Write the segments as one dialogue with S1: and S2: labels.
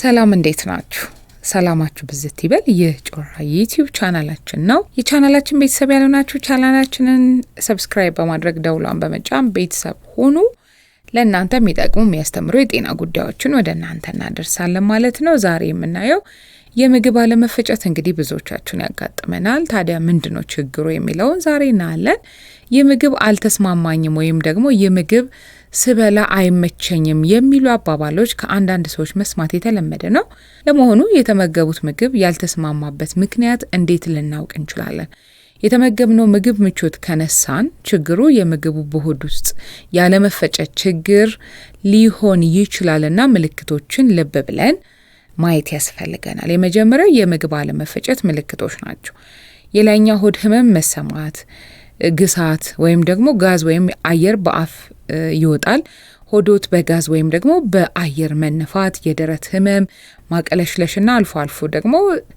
S1: ሰላም እንዴት ናችሁ? ሰላማችሁ ብዝት ይበል። ይህ ጮራ ዩቲዩብ ቻናላችን ነው። የቻናላችን ቤተሰብ ያልሆናችሁ ቻናላችንን ሰብስክራይብ በማድረግ ደውሏን በመጫን ቤተሰብ ሆኑ። ለእናንተ የሚጠቅሙ የሚያስተምሩ የጤና ጉዳዮችን ወደ እናንተ እናደርሳለን ማለት ነው። ዛሬ የምናየው የምግብ አለመፈጨት እንግዲህ ብዙዎቻችን ያጋጥመናል። ታዲያ ምንድነው ችግሩ የሚለውን ዛሬ እናያለን። የምግብ አልተስማማኝም ወይም ደግሞ የምግብ ስበላ አይመቸኝም የሚሉ አባባሎች ከአንዳንድ ሰዎች መስማት የተለመደ ነው። ለመሆኑ የተመገቡት ምግብ ያልተስማማበት ምክንያት እንዴት ልናውቅ እንችላለን? የተመገብነው ምግብ ምቾት ከነሳን ችግሩ የምግቡ በሆድ ውስጥ ያለመፈጨት ችግር ሊሆን ይችላልና ምልክቶችን ልብ ብለን ማየት ያስፈልገናል። የመጀመሪያው የምግብ አለመፈጨት ምልክቶች ናቸው። የላይኛ ሆድ ህመም መሰማት፣ ግሳት ወይም ደግሞ ጋዝ ወይም አየር በአፍ ይወጣል። ሆዶት በጋዝ ወይም ደግሞ በአየር መነፋት፣ የደረት ህመም፣ ማቅለሽለሽና አልፎ አልፎ ደግሞ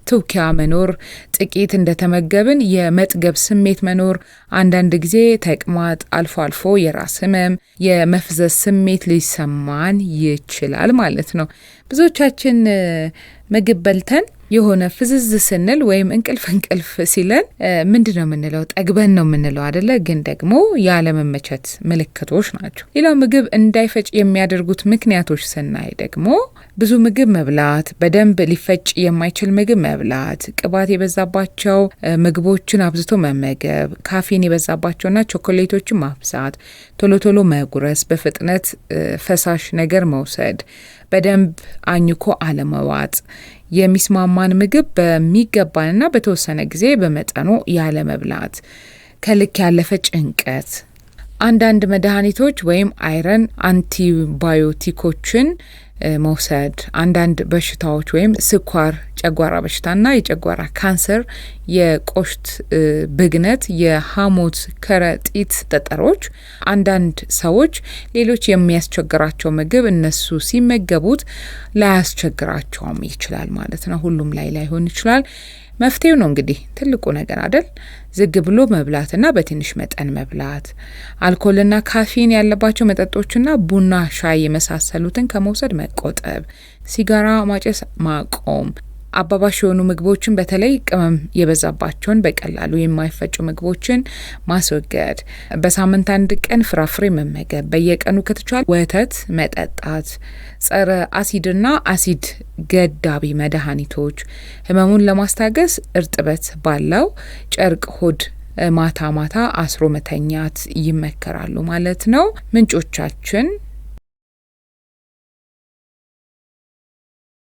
S1: ትውኪያ መኖር፣ ጥቂት እንደተመገብን የመጥገብ ስሜት መኖር፣ አንዳንድ ጊዜ ተቅማጥ፣ አልፎ አልፎ የራስ ህመም፣ የመፍዘዝ ስሜት ሊሰማን ይችላል ማለት ነው። ብዙዎቻችን ምግብ በልተን የሆነ ፍዝዝ ስንል ወይም እንቅልፍ እንቅልፍ ሲለን ምንድን ነው የምንለው? ጠግበን ነው የምንለው አደለ? ግን ደግሞ ያለመመቸት ምልክቶች ናቸው። ሌላው ምግብ እንዳይፈጭ የሚያደርጉት ምክንያቶች ስናይ ደግሞ ብዙ ምግብ መብላት፣ በደንብ ሊፈጭ የማይችል ምግብ መብላት፣ ቅባት የበዛባቸው ምግቦችን አብዝቶ መመገብ፣ ካፌን የበዛባቸውና ቾኮሌቶችን ማብዛት፣ ቶሎ ቶሎ መጉረስ፣ በፍጥነት ፈሳሽ ነገር መውሰድ በደንብ አኝኮ አለመዋጥ፣ የሚስማማን ምግብ በሚገባንና በተወሰነ ጊዜ በመጠኑ ያለመብላት፣ ከልክ ያለፈ ጭንቀት አንዳንድ መድኃኒቶች ወይም አይረን አንቲባዮቲኮችን መውሰድ አንዳንድ በሽታዎች ወይም ስኳር፣ ጨጓራ በሽታና የጨጓራ ካንሰር፣ የቆሽት ብግነት፣ የሐሞት ከረጢት ጠጠሮች አንዳንድ ሰዎች ሌሎች የሚያስቸግራቸው ምግብ እነሱ ሲመገቡት ላያስቸግራቸውም ይችላል ማለት ነው። ሁሉም ላይ ላይሆን ይችላል። መፍትሄው ነው እንግዲህ ትልቁ ነገር አደል፣ ዝግ ብሎ መብላትና በትንሽ መጠን መብላት፣ አልኮልና ካፊን ያለባቸው መጠጦችና ቡና፣ ሻይ የመሳሰሉትን ከመውሰድ መቆጠብ፣ ሲጋራ ማጨስ ማቆም፣ አባባሽ የሆኑ ምግቦችን በተለይ ቅመም የበዛባቸውን በቀላሉ የማይፈጩ ምግቦችን ማስወገድ፣ በሳምንት አንድ ቀን ፍራፍሬ መመገብ፣ በየቀኑ ከተቻለ ወተት መጠጣት፣ ጸረ አሲድና አሲድ ገዳቢ መድኃኒቶች፣ ህመሙን ለማስታገስ እርጥበት ባለው ጨርቅ ሆድ ማታ ማታ አስሮ መተኛት ይመከራሉ ማለት ነው ምንጮቻችን